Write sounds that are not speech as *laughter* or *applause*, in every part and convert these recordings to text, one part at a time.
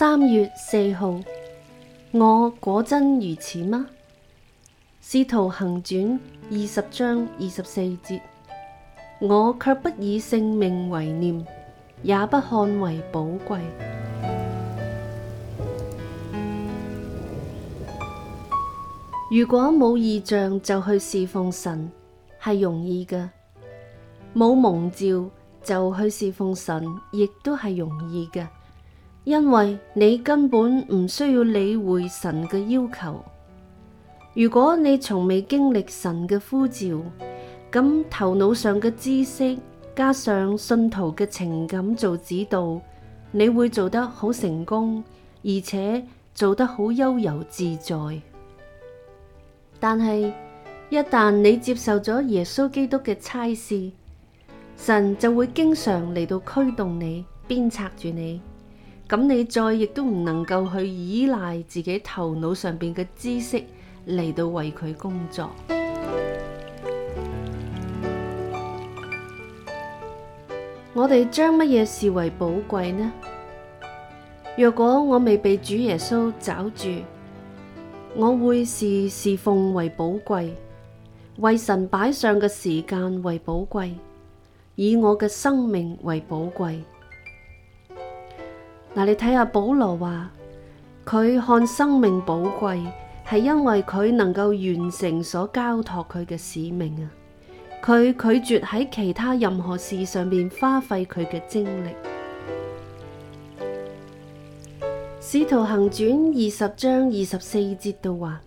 三月四號，我果真如此嗎？《使徒行傳》二十章二十四節，我卻不以性命為念，也不看為寶貴。如果冇異象就去侍奉神，係容易嘅；冇蒙召就去侍奉神，亦都係容易嘅。因為你根本唔需要理會神嘅要求。如果你從未經歷神嘅呼召，咁頭腦上嘅知識加上信徒嘅情感做指導，你會做得好成功，而且做得好悠游自在。但係一旦你接受咗耶穌基督嘅差事，神就會經常嚟到驅動你，鞭策住你。咁你再亦都唔能夠去依賴自己頭腦上邊嘅知識嚟到為佢工作。 *music* 我哋將乜嘢視為寶貴呢？若果我未被主耶穌抓住，我會視侍奉為寶貴，為神擺上嘅時間為寶貴，以我嘅生命為寶貴。嗱，你睇下保羅話，佢看生命寶貴，係因為佢能夠完成所交託佢嘅使命啊！佢拒絕喺其他任何事上面花費佢嘅精力。使徒行傳二十章二十四節度話，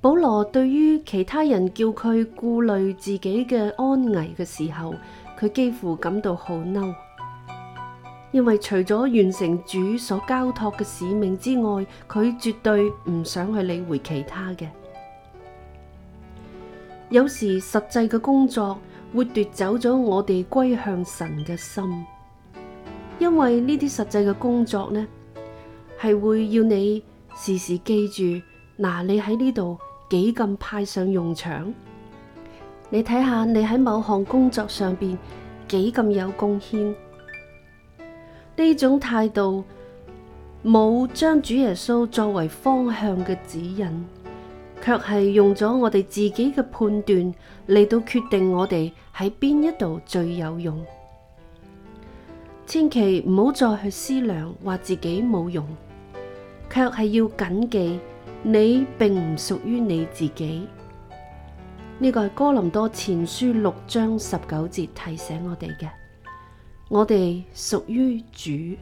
保羅對於其他人叫佢顧慮自己嘅安危嘅時候，佢幾乎感到好嬲。因為除咗完成主所交託嘅使命之外，佢絕對唔想去理會其他嘅。有時實際嘅工作會奪走咗我哋歸向神嘅心，因為呢啲實際嘅工作呢，係會要你時時記住，嗱，你喺呢度幾咁派上用場？你睇下你喺某項工作上邊幾咁有貢獻。呢種態度冇將主耶穌作為方向嘅指引，卻係用咗我哋自己嘅判斷嚟到決定我哋喺邊一度最有用。千祈唔好再去思量，話自己冇用，卻係要謹記，你並唔屬於你自己。呢個係哥林多前書六章十九節提醒我哋嘅。我哋屬於主。